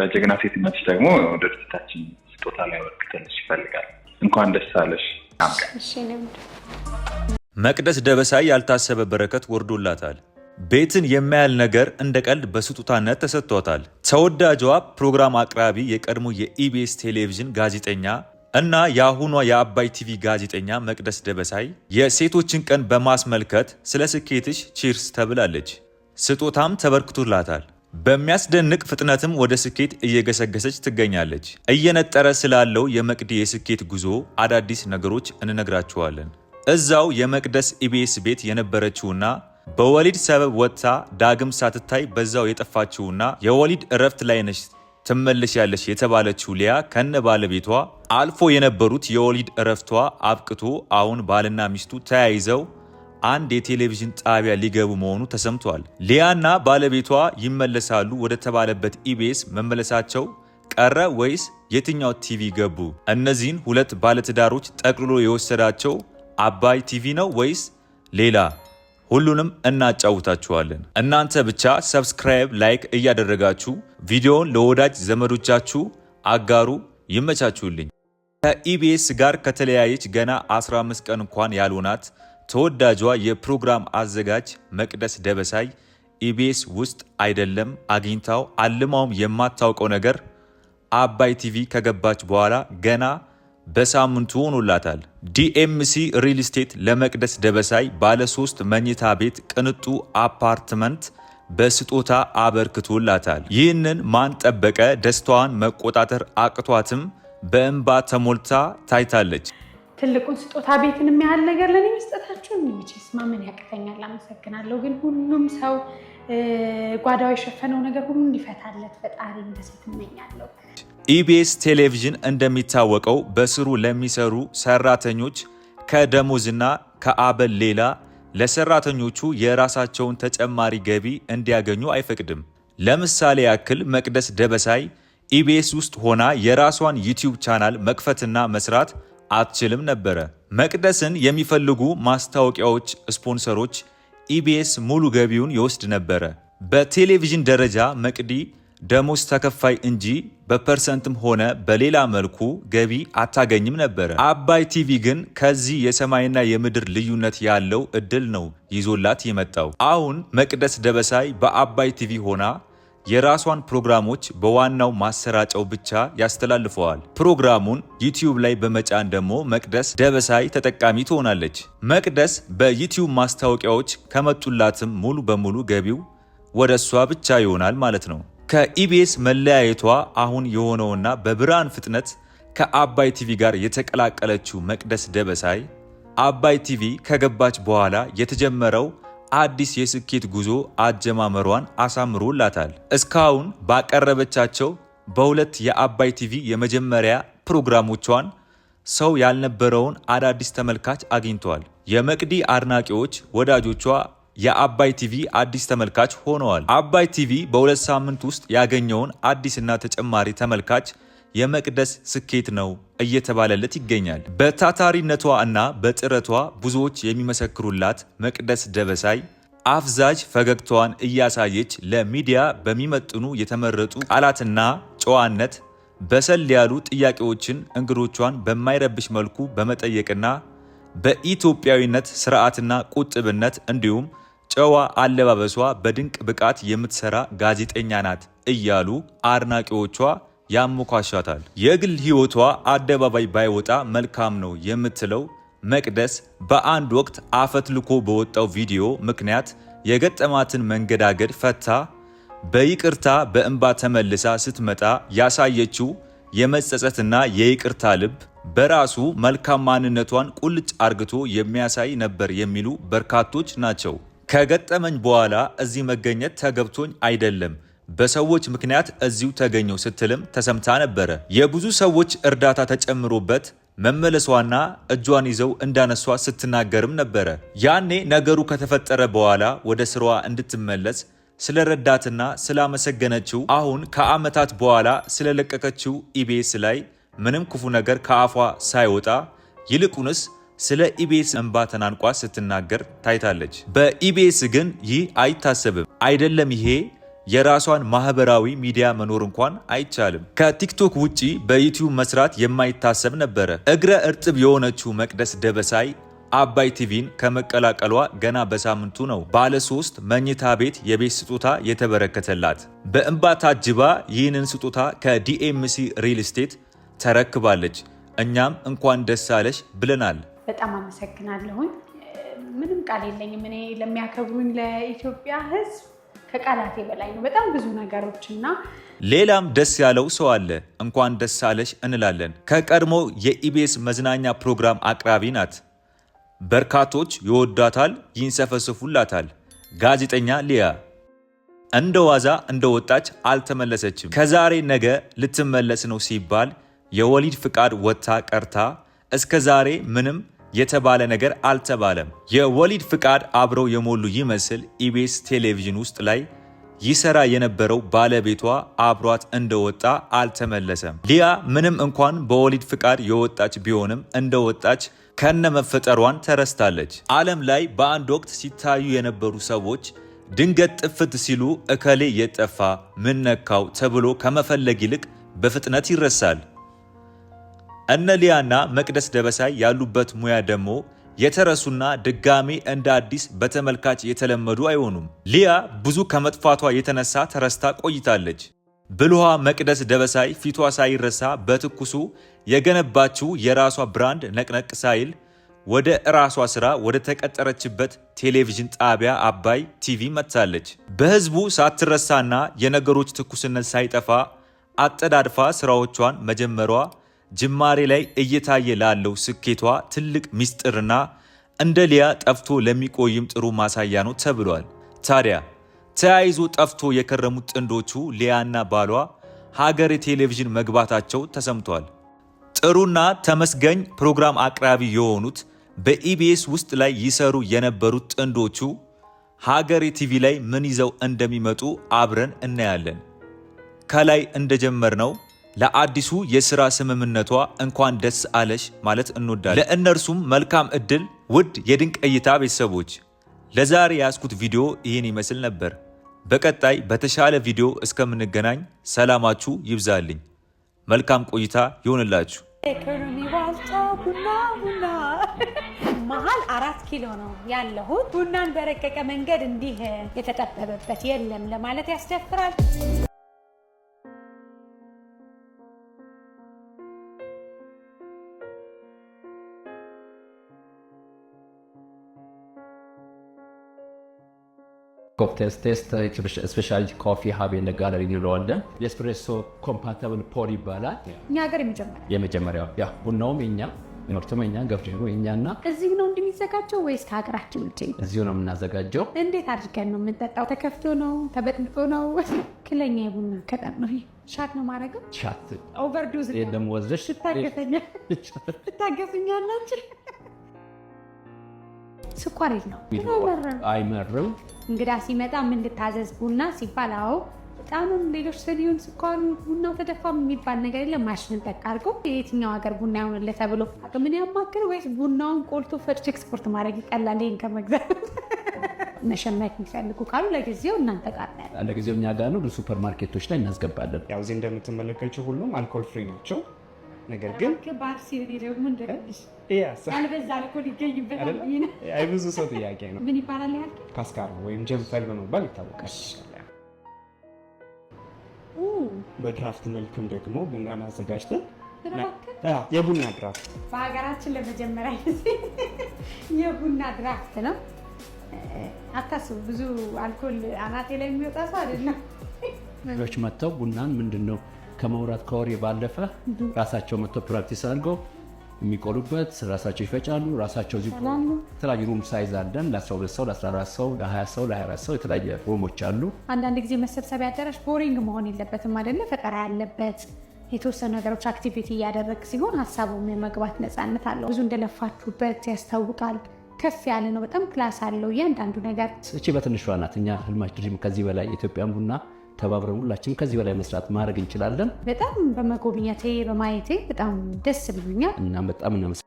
ለጀግና ሴትነት ደግሞ ድርጅታችን ስጦታ ላይ ወርቅተልሽ ይፈልጋል። እንኳን ደስ አለሽ። መቅደስ ደበሳይ ያልታሰበ በረከት ወርዶላታል። ቤትን የማያል ነገር እንደ ቀልድ በስጦታነት ተሰጥቷታል። ተወዳጇ ፕሮግራም አቅራቢ የቀድሞ የኢቢኤስ ቴሌቪዥን ጋዜጠኛ እና የአሁኗ የአባይ ቲቪ ጋዜጠኛ መቅደስ ደበሳይ የሴቶችን ቀን በማስመልከት ስለ ስኬትሽ ቺርስ ተብላለች። ስጦታም ተበርክቶላታል። በሚያስደንቅ ፍጥነትም ወደ ስኬት እየገሰገሰች ትገኛለች። እየነጠረ ስላለው የመቅዲ የስኬት ጉዞ አዳዲስ ነገሮች እንነግራችኋለን። እዛው የመቅደስ ኢቢኤስ ቤት የነበረችውና በወሊድ ሰበብ ወጥታ ዳግም ሳትታይ በዛው የጠፋችውና የወሊድ እረፍት ላይ ነች ትመለሻለች የተባለችው ሊያ ከነ ባለቤቷ አልፎ የነበሩት የወሊድ እረፍቷ አብቅቶ አሁን ባልና ሚስቱ ተያይዘው አንድ የቴሌቪዥን ጣቢያ ሊገቡ መሆኑ ተሰምቷል። ሊያና ባለቤቷ ይመለሳሉ ወደ ተባለበት ኢቢኤስ መመለሳቸው ቀረ ወይስ የትኛው ቲቪ ገቡ? እነዚህን ሁለት ባለትዳሮች ጠቅልሎ የወሰዳቸው አባይ ቲቪ ነው ወይስ ሌላ? ሁሉንም እናጫውታችኋለን። እናንተ ብቻ ሰብስክራይብ፣ ላይክ እያደረጋችሁ ቪዲዮውን ለወዳጅ ዘመዶቻችሁ አጋሩ። ይመቻችሁልኝ። ከኢቢኤስ ጋር ከተለያየች ገና 15 ቀን እንኳን ያልሆናት ተወዳጇ የፕሮግራም አዘጋጅ መቅደስ ደበሳይ ኢቢኤስ ውስጥ አይደለም አግኝታው አልማውም የማታውቀው ነገር አባይ ቲቪ ከገባች በኋላ ገና በሳምንቱ ሆኖላታል። ዲኤምሲ ሪል ስቴት ለመቅደስ ደበሳይ ባለ ሶስት መኝታ ቤት ቅንጡ አፓርትመንት በስጦታ አበርክቶላታል። ይህንን ማን ጠበቀ? ደስታዋን መቆጣጠር አቅቷትም በእንባ ተሞልታ ታይታለች። ትልቁን ስጦታ ቤትን የሚያህል ነገር ለኔ መስጠታችሁ መቼስ ማመን ያቅተኛል። አመሰግናለሁ። ግን ሁሉም ሰው ጓዳው የሸፈነው ነገር ሁሉ እንዲፈታለት ፈጣሪ እንደሴት እመኛለሁ። ኢቢኤስ ቴሌቪዥን እንደሚታወቀው በስሩ ለሚሰሩ ሰራተኞች ከደሞዝና ከአበል ሌላ ለሰራተኞቹ የራሳቸውን ተጨማሪ ገቢ እንዲያገኙ አይፈቅድም። ለምሳሌ ያክል መቅደስ ደበሳይ ኢቢኤስ ውስጥ ሆና የራሷን ዩቲዩብ ቻናል መክፈትና መስራት አትችልም ነበረ። መቅደስን የሚፈልጉ ማስታወቂያዎች ስፖንሰሮች ኢቢኤስ ሙሉ ገቢውን ይወስድ ነበረ። በቴሌቪዥን ደረጃ መቅዲ ደሞዝ ተከፋይ እንጂ በፐርሰንትም ሆነ በሌላ መልኩ ገቢ አታገኝም ነበረ። አባይ ቲቪ ግን ከዚህ የሰማይና የምድር ልዩነት ያለው እድል ነው ይዞላት የመጣው። አሁን መቅደስ ደበሳይ በአባይ ቲቪ ሆና የራሷን ፕሮግራሞች በዋናው ማሰራጫው ብቻ ያስተላልፈዋል። ፕሮግራሙን ዩቲዩብ ላይ በመጫን ደግሞ መቅደስ ደበሳይ ተጠቃሚ ትሆናለች። መቅደስ በዩቲዩብ ማስታወቂያዎች ከመጡላትም ሙሉ በሙሉ ገቢው ወደ እሷ ብቻ ይሆናል ማለት ነው። ከኢቢኤስ መለያየቷ አሁን የሆነውና በብርሃን ፍጥነት ከአባይ ቲቪ ጋር የተቀላቀለችው መቅደስ ደበሳይ አባይ ቲቪ ከገባች በኋላ የተጀመረው አዲስ የስኬት ጉዞ አጀማመሯን አሳምሮላታል። እስካሁን ባቀረበቻቸው በሁለት የአባይ ቲቪ የመጀመሪያ ፕሮግራሞቿን ሰው ያልነበረውን አዳዲስ ተመልካች አግኝተዋል። የመቅዲ አድናቂዎች፣ ወዳጆቿ የአባይ ቲቪ አዲስ ተመልካች ሆነዋል። አባይ ቲቪ በሁለት ሳምንት ውስጥ ያገኘውን አዲስና ተጨማሪ ተመልካች የመቅደስ ስኬት ነው እየተባለለት ይገኛል። በታታሪነቷ እና በጥረቷ ብዙዎች የሚመሰክሩላት መቅደስ ደበሳይ አፍዛዥ ፈገግታዋን እያሳየች ለሚዲያ በሚመጥኑ የተመረጡ ቃላትና ጨዋነት በሰል ያሉ ጥያቄዎችን እንግዶቿን በማይረብሽ መልኩ በመጠየቅና በኢትዮጵያዊነት ስርዓትና ቁጥብነት እንዲሁም ጨዋ አለባበሷ በድንቅ ብቃት የምትሰራ ጋዜጠኛ ናት እያሉ አድናቂዎቿ ያሞካሻታል። የግል ህይወቷ አደባባይ ባይወጣ መልካም ነው የምትለው መቅደስ በአንድ ወቅት አፈትልኮ በወጣው ቪዲዮ ምክንያት የገጠማትን መንገዳገድ ፈታ በይቅርታ በእንባ ተመልሳ ስትመጣ ያሳየችው የመጸጸትና የይቅርታ ልብ በራሱ መልካም ማንነቷን ቁልጭ አርግቶ የሚያሳይ ነበር የሚሉ በርካቶች ናቸው። ከገጠመኝ በኋላ እዚህ መገኘት ተገብቶኝ አይደለም በሰዎች ምክንያት እዚሁ ተገኘው ስትልም ተሰምታ ነበረ። የብዙ ሰዎች እርዳታ ተጨምሮበት መመለሷና እጇን ይዘው እንዳነሷ ስትናገርም ነበረ። ያኔ ነገሩ ከተፈጠረ በኋላ ወደ ስራዋ እንድትመለስ ስለረዳትና ስላመሰገነችው አሁን ከዓመታት በኋላ ስለለቀቀችው ኢቢኤስ ላይ ምንም ክፉ ነገር ከአፏ ሳይወጣ ይልቁንስ ስለ ኢቢኤስ እንባ ተናንቋ ስትናገር ታይታለች። በኢቢኤስ ግን ይህ አይታሰብም። አይደለም ይሄ የራሷን ማህበራዊ ሚዲያ መኖር እንኳን አይቻልም። ከቲክቶክ ውጪ በዩቲዩብ መስራት የማይታሰብ ነበረ። እግረ እርጥብ የሆነችው መቅደስ ደበሳይ አባይ ቲቪን ከመቀላቀሏ ገና በሳምንቱ ነው ባለሶስት መኝታ ቤት የቤት ስጦታ የተበረከተላት። በእንባ ታጅባ ይህንን ስጦታ ከዲኤምሲ ሪል ስቴት ተረክባለች። እኛም እንኳን ደስ አለሽ ብለናል። በጣም አመሰግናለሁኝ። ምንም ቃል የለኝም እኔ ለሚያከብሩኝ ለኢትዮጵያ ሕዝብ ከቃላቴ በላይ ነው። በጣም ብዙ ነገሮች እና ሌላም ደስ ያለው ሰው አለ። እንኳን ደስ አለሽ እንላለን። ከቀድሞ የኢቢኤስ መዝናኛ ፕሮግራም አቅራቢ ናት። በርካቶች ይወዳታል፣ ይንሰፈስፉላታል። ጋዜጠኛ ሊያ እንደ ዋዛ እንደ ወጣች አልተመለሰችም። ከዛሬ ነገ ልትመለስ ነው ሲባል የወሊድ ፍቃድ ወጥታ ቀርታ እስከ ዛሬ ምንም የተባለ ነገር አልተባለም። የወሊድ ፍቃድ አብረው የሞሉ ይመስል ኢቢኤስ ቴሌቪዥን ውስጥ ላይ ይሰራ የነበረው ባለቤቷ አብሯት እንደወጣ አልተመለሰም። ሊያ ምንም እንኳን በወሊድ ፍቃድ የወጣች ቢሆንም እንደወጣች ከነ መፈጠሯን ተረስታለች። ዓለም ላይ በአንድ ወቅት ሲታዩ የነበሩ ሰዎች ድንገት ጥፍት ሲሉ እከሌ የጠፋ ምነካው ተብሎ ከመፈለግ ይልቅ በፍጥነት ይረሳል። እነ ሊያና መቅደስ ደበሳይ ያሉበት ሙያ ደግሞ የተረሱና ድጋሜ እንደ አዲስ በተመልካች የተለመዱ አይሆኑም። ሊያ ብዙ ከመጥፋቷ የተነሳ ተረስታ ቆይታለች። ብልኋ መቅደስ ደበሳይ ፊቷ ሳይረሳ በትኩሱ የገነባችው የራሷ ብራንድ ነቅነቅ ሳይል ወደ ራሷ ስራ ወደ ተቀጠረችበት ቴሌቪዥን ጣቢያ አባይ ቲቪ መጥታለች። በህዝቡ ሳትረሳና የነገሮች ትኩስነት ሳይጠፋ አጠዳድፋ ስራዎቿን መጀመሯ ጅማሬ ላይ እየታየ ላለው ስኬቷ ትልቅ ምስጢርና እንደ ሊያ ጠፍቶ ለሚቆይም ጥሩ ማሳያ ነው ተብሏል። ታዲያ ተያይዞ ጠፍቶ የከረሙት ጥንዶቹ ሊያና ባሏ ሀገሬ ቴሌቪዥን መግባታቸው ተሰምቷል። ጥሩና ተመስገኝ ፕሮግራም አቅራቢ የሆኑት በኢቢኤስ ውስጥ ላይ ይሰሩ የነበሩት ጥንዶቹ ሀገሬ ቲቪ ላይ ምን ይዘው እንደሚመጡ አብረን እናያለን። ከላይ እንደጀመርነው ለአዲሱ የሥራ ስምምነቷ እንኳን ደስ አለሽ ማለት እንወዳለን። ለእነርሱም መልካም እድል። ውድ የድንቅ እይታ ቤተሰቦች ለዛሬ ያስኩት ቪዲዮ ይህን ይመስል ነበር። በቀጣይ በተሻለ ቪዲዮ እስከምንገናኝ ሰላማችሁ ይብዛልኝ። መልካም ቆይታ ይሆንላችሁ። ቡና ቡና መሀል አራት ኪሎ ነው ያለሁት። ቡናን በረቀቀ መንገድ እንዲህ የተጠበበበት የለም ለማለት ያስደፍራል። cocktails ቴስት ስፔሻሊቲ ኮፊ ሀብ ኤንድ ጋለሪ እንለዋለን። የኤስፕሬሶ ኮምፓታብል ፖር ይባላል። እኛ ሀገር የመጀመሪያ ያው ቡናውም የኛ ምርቱም የኛ ገብቶ የኛ እና እዚሁ ነው እንደሚዘጋጀው ወይስ ከሀገራችን ውጭ? እዚሁ ነው የምናዘጋጀው። እንዴት አድርገን ነው የምንጠጣው? ተከፍቶ ነው ተበጥብጦ ነው? ክለኛ የቡና ከጠን ነው ሻት ነው ማድረግም ሻት ኦቨርዱዝ ደግሞ ወዘሽ ትታገሰኛላችሁ። ስኳር ነው አይመርም እንግዳ ሲመጣ ምን ልታዘዝ ቡና ሲባል አዎ ጣምም ሌሎች ስሊሆን ስኳሩ ቡናው ተደፋ የሚባል ነገር የለም። ማሽንን ጠቅ አድርጎ የትኛው ሀገር ቡና ይሆንለ ተብሎ አቅምን ያማክል ወይስ ቡናውን ቆልቶ ፈጭ ኤክስፖርት ማድረግ ይቀላል? ይህን ከመግዛት መሸመት የሚፈልጉ ካሉ ለጊዜው እናንተ ጋር ነው። ለጊዜው እኛ ጋር ነው። ሱፐር ማርኬቶች ላይ እናስገባለን። ያው እዚህ እንደምትመለከችው ሁሉም አልኮል ፍሪ ናቸው። ነገር ግን ብዙ ሰው ጥያቄ ነው። ምን ይባላል? ካስካሮ ወይም ጀንፈል በመባል ይታወቃል። በድራፍት መልክም ደግሞ ቡና አዘጋጅተን የቡና ድራፍት በሀገራችን ለመጀመሪያ ጊዜ የቡና ድራፍት ነው። አታስቡ፣ ብዙ አልኮል አናቴ ላይ የሚወጣ ሰው አይደለም። መጥተው ቡናን ምንድን ነው ከመውራት ከወሬ ባለፈ ራሳቸው መጥቶ ፕራክቲስ አድርገው የሚቆሉበት ራሳቸው ይፈጫሉ። ራሳቸው የተለያዩ ሩም ሳይዝ አለን። ለ12 ሰው፣ ለ14 ሰው፣ ለ20 ሰው፣ ለ24 ሰው የተለያየ ሩሞች አሉ። አንዳንድ ጊዜ መሰብሰቢያ አዳራሽ ቦሪንግ መሆን የለበትም አይደለ? ፈጠራ ያለበት የተወሰኑ ነገሮች አክቲቪቲ እያደረግ ሲሆን ሀሳቡም የመግባት ነፃነት አለው። ብዙ እንደለፋችሁበት ያስታውቃል። ከፍ ያለ ነው። በጣም ክላስ አለው እያንዳንዱ ነገር። እቺ በትንሿ ናት። እኛ ህልማች ድሪም ከዚህ በላይ ኢትዮጵያን ቡና ተባብረን ሁላችንም ከዚህ በላይ መስራት ማድረግ እንችላለን። በጣም በመጎብኘቴ በማየቴ በጣም ደስ ብሎኛል እና በጣም